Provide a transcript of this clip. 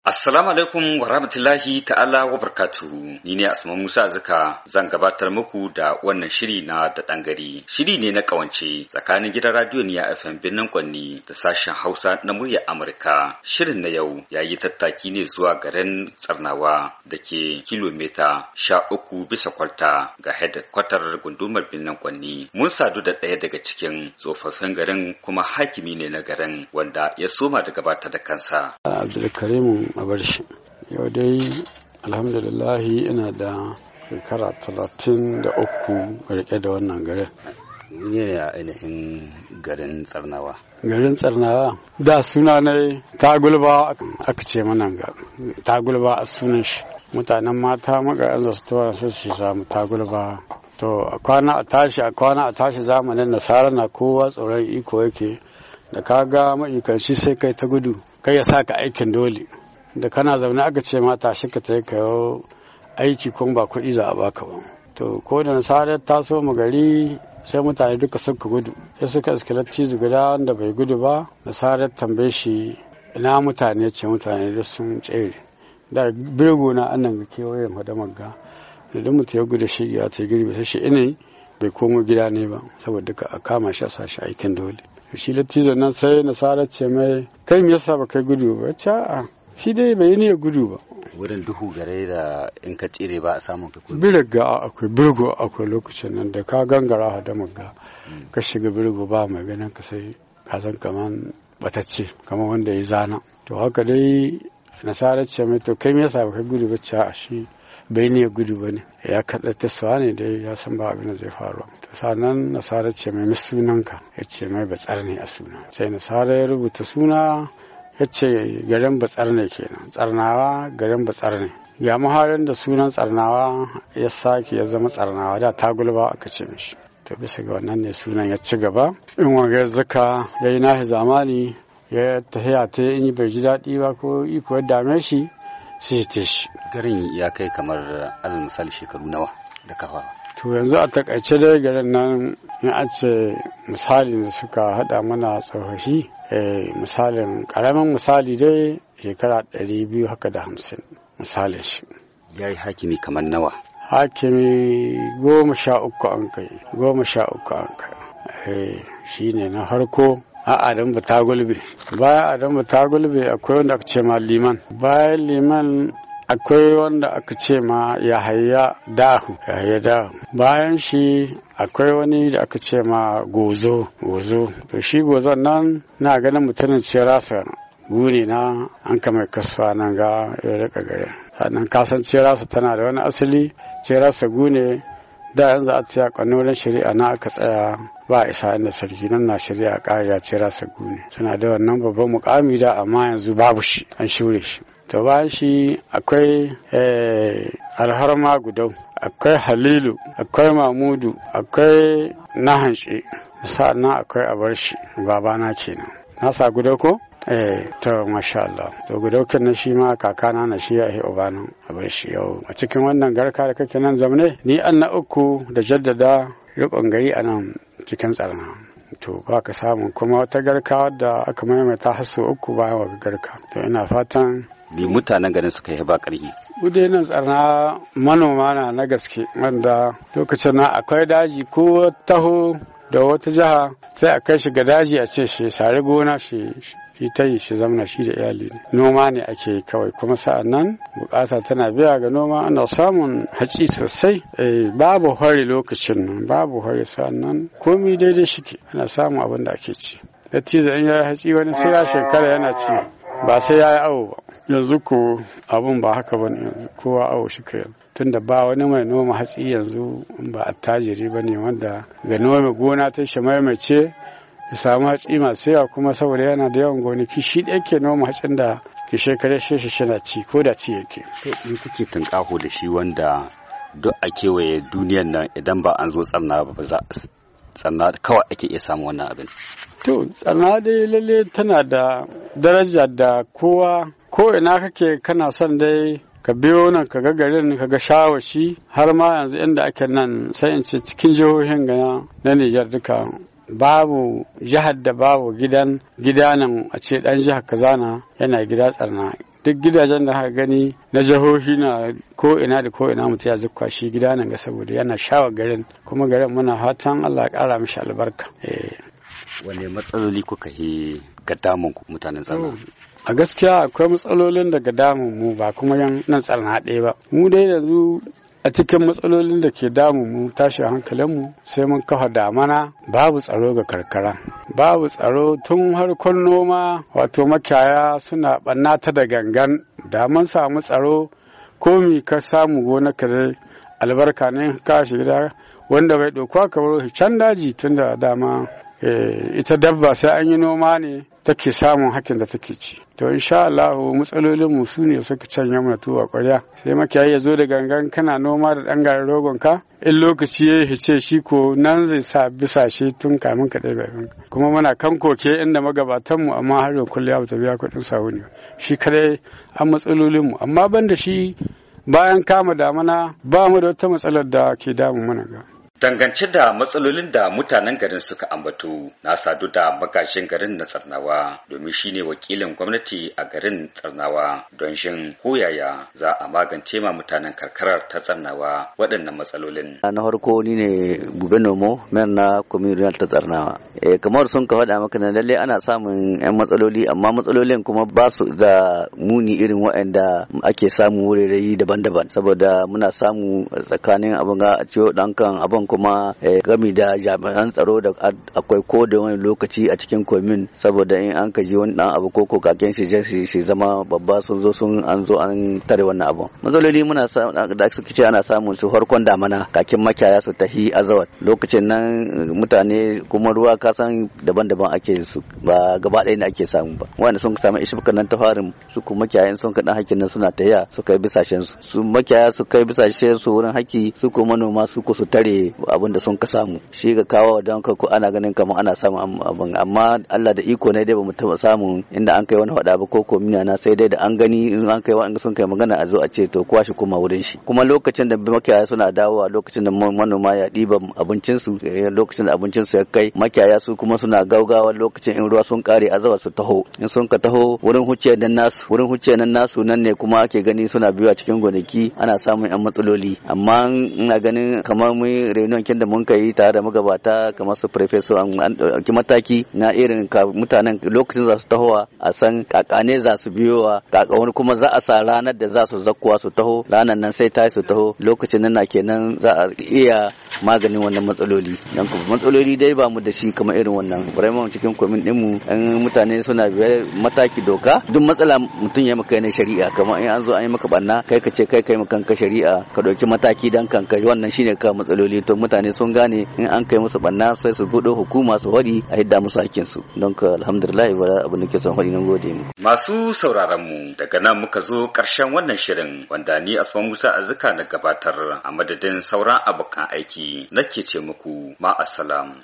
Assalamu alaikum wa rahmatullahi ta'ala wa barkatu. Ni ne Asma Musa Zaka zan gabatar muku da wannan shiri na da ɗan gari. Shiri ne na kawance tsakanin gidan radiyo ya FM birnin Kwanni da sashen Hausa na murya Amurka. Shirin na yau ya yi tattaki ne zuwa garin Tsarnawa da ke kilomita sha uku bisa kwalta ga headquarter gundumar birnin Kwanni. Mun sadu da ɗaya daga cikin tsofaffin garin kuma hakimi ne na garin wanda ya soma da gabatar da kansa. Abdulkarim a bar shi yau dai alhamdulillahi ina da shekara talatin da uku rike da wannan garin ne ya ainihin garin tsarnawa garin tsarnawa da suna ne tagulba aka ce mana ga tagulba a sunan shi mutanen mata magaran yan su tuwa su su samu tagulba to a kwana a tashi a kwana a tashi zamanin nasara na kowa tsoron iko yake da ka ga ma'aikaci sai kai ta gudu kai ya sa ka aikin dole da kana zaune aka ce mata shi ka ta kayo aiki kun ba kuɗi za a baka ba to ko da nasarar taso mu gari sai mutane duka suka gudu sai suka iskilatti guda wanda bai gudu ba nasara tambaye shi ina mutane ce mutane da sun tsere da birgo na annan ga kewaye madamar ga da mutum ya gudu shi ya ta girbi sai shi inai bai komo gida ne ba saboda duka a kama shi a shi aikin dole shi lattizo nan sai nasara ce mai kai me yasa ba kai gudu ba ce a shi dai bai ne gudu ba wurin duhu gare da in ka tsire ba a samun ka birga akwai birgo akwai lokacin nan da ka gangara a da ga hmm. ka shiga birgo ba mai ganin ka sai ka san kaman batacce kaman wanda ya zana to haka dai nasarar ce mai to kai me yasa kai gudu ba ce a shi bai ne gudu ba ne ya kaɗa tasawa ne dai ya san ba abin da zai faru to sannan nasarar ce mai sunanka ya ce mai batsar ne a suna sai nasarar ya rubuta suna ya ce garin batsar ne kenan tsarnawa garin batsar ne ga muharin da sunan tsarnawa ya sake ya zama tsarnawa da ta tagulba aka ce mishi to bisa ga wannan ne sunan ya ci gaba in wanga zaka ya yi nahi zamani ya tahiya ta in bai ji daɗi ba ko iko ya dame shi sai ya shi garin ya kai kamar alal misali shekaru nawa da kafawa to yanzu a takaice dai garin nan in a ce misali da suka hada mana tsofaffi eh, misalin karamin misali dai shekara 250 haka da hamsin misalin shi ya yi hakimi kamar nawa hakimi goma sha uku an kai goma sha uku an kai eh, shi ne na harko a adam ta gulbe bayan adam ta gulbe akwai wanda ka ce ma liman bayan liman akwai wanda aka ce ma yahaya dahu ya dahu bayan shi akwai wani da aka ce ma gozo gozo to shi gozon nan na ganin mutumin ce rasa gune na an kama kasuwa nan ga ya rika gare sannan kasan ce rasa tana da wani asali ce rasa gune da yanzu a tsaya kwanonin shari'a na aka tsaya ba a isa inda sarki nan na shari'a ƙariya ce rasa gune suna da wannan babban mukami da amma yanzu babu shi an shure shi to shi akwai eh, alharma gudau akwai halilu akwai mamudu akwai nahanshi sa'annan akwai abarshi babana kenan na sa guda ko eh to masha Allah to gudaukin na shi ma kakana na shi ya yi ubanin shi yau a cikin wannan garka da kake nan zamne ni an na uku da jaddada rikon gari a nan cikin tsarna to ba ka samu kuma wata garka da aka maimaita har uku bayan wa garka to ina fatan bi mutanen garin suka yi ba ƙarfi. Udenin tsarna manoma na na gaske wanda lokacin na akwai daji ko taho da wata jiha sai a kai shi ga daji a ce shi sare gona shi shi ta yi shi zamana shi da iyali noma ne ake kawai kuma sa'an nan bukata tana biya ga noma ana samun haci sosai eh, babu hore lokacin nan babu hore sa'an nan komi daidai ke ana samun abin da ake ci da tizo in ya haci wani sai ya shekara yana ci ba sai ya yi awo ba yanzu ko abun ba haka ba ne kowa awo shi ka yanzu tunda ba wani mai noma hatsi yanzu ba attajiri ba ne wanda ga noma gona ta shi maimace ya samu hatsi masu yawa kuma saboda yana da yawan gonaki shi ɗaya ke noma hatsin da ke shekaru shi shi na ci ko da ci yake. in kuke tunƙaho da shi wanda duk a kewaye duniyar nan idan ba an zo tsarna ba tsanna kawai ake iya samu wannan abin to tsanna dai lalle tana da daraja da kowa ko ina kake kana son dai ka biyo nan ka ga garin ka ga shawashi har ma yanzu inda ake nan sai in ce cikin jihohin gana na Nijar duka babu jihar da babu gidan gidanan a ce dan jihar kazana yana gida tsarna duk gidajen da haka gani na jihohi na ko ina da ko ina mutum ya zukwa shi gida nan ga saboda yana shawa garin kuma garin muna fatan Allah ya kara mishi albarka eh. wane matsaloli kuka yi ga damun mutanen tsana a gaskiya akwai matsalolin daga damun mu ba kuma yan nan tsana haɗe ba mu dai yanzu a cikin matsalolin da ke damu mu tashi hankalinmu sai mun kafa damana babu tsaro ga karkara babu tsaro tun harkon noma wato makiyaya suna ɓannata da gangan da mun samu tsaro komi ka samu gona ka dai albarka ne ka gida wanda bai ɗauka ka baro can daji tun da dama eh, ita dabba sai an yi noma ne take samun hakin da take ci to insha Allah matsalolin mu sune suka canja mana tuwa ƙwarya sai makiyayi ya zo da gangan kana noma da dan garin rogon ka in lokaci ya hice shi ko nan zai sa bisashe tun kamin ka ɗaya kuma muna kan koke inda magabatan mu amma har yanzu ya ta biya kuɗin sabuni shi kadai an matsalolin mu amma banda shi bayan kama damana ba mu da wata matsalar da ke damu mana ga Dangance da matsalolin da mutanen garin suka ambatu na sadu da magajin garin na Tsarnawa domin shine wakilin gwamnati a garin Tsarnawa don shin koyaya za a magance ma mutanen karkarar ta Tsarnawa waɗannan matsalolin. Na farko ni ne Bube Nomo, mayar na communal ta Tsarnawa. Eh, kamar sun ka faɗa maka na lalle ana samun 'yan matsaloli amma matsalolin kuma ba su da muni irin waɗanda ake samu wurare daban-daban saboda muna samu tsakanin abin ga ciwo ɗankan abin kuma eh, gami da jami'an tsaro da akwai ko da wani lokaci a cikin komin saboda in an ka wani dan abu ko ko kaken shi shi zama babba sun zo sun an zo an tare wannan abu matsaloli muna da ake ce ana samun su farkon damana kakin makiyaya su tahi azawat lokacin nan mutane kuma ruwa kasan daban-daban ake su ba gaba ɗaya ne ake samu ba wanda sun samu ishibkan nan ta farin su kuma makiyayan sun kaɗan hakin nan suna taya su kai bisashen su su makiyaya su kai bisashen su wurin haki su ko manoma su ko su tare abin da sun ka samu shi ga kawo wa ka ko ana ganin kamar ana samun abin amma Allah da iko ne dai bamu taba samu. inda an kai wani hada ba ko ko na sai dai da an gani in an kai wani sun kai magana a zo a ce to kuwa shi kuma wurin shi kuma lokacin da makiyaya suna dawowa lokacin da manoma ya diba abincin su eh, lokacin da abincin su ya kai makiyaya su kuma suna gaugawa lokacin in ruwa sun kare azawa su taho in sun ka taho wurin hucce nan nasu wurin hucce nan nasu nan ne kuma ake gani suna biyu a cikin gonaki ana samun yan matsaloli amma ina ganin kamar mun reunion wankin da mun kai tare da magabata kamar su professor an ɗauki mataki na irin mutanen lokacin za su tahowa a san kakane za su biyowa wani kuma za a sa ranar da za su zakkuwa su taho ranar nan sai ta su taho lokacin nan na kenan za a iya maganin wannan matsaloli dan kuma matsaloli dai ba mu da shi kamar irin wannan vraiment cikin komin ɗinmu in mutane suna biyar mataki doka duk matsala mutum ya maka ne shari'a kamar in an zo an yi maka banna kai ka ce kai kai maka kanka shari'a ka ɗauki mataki dan kanka wannan shine ka matsaloli to mutane sun gane in an kai musu banna sai su gudu hukuma su hori a yadda musu hakkin su don ka alhamdulillah wala abu nake son hori nan gode mu masu sauraron mu daga nan muka zo karshen wannan shirin wanda ni asman Musa Azuka na gabatar a madadin sauran abokan aiki nake ce muku ma assalam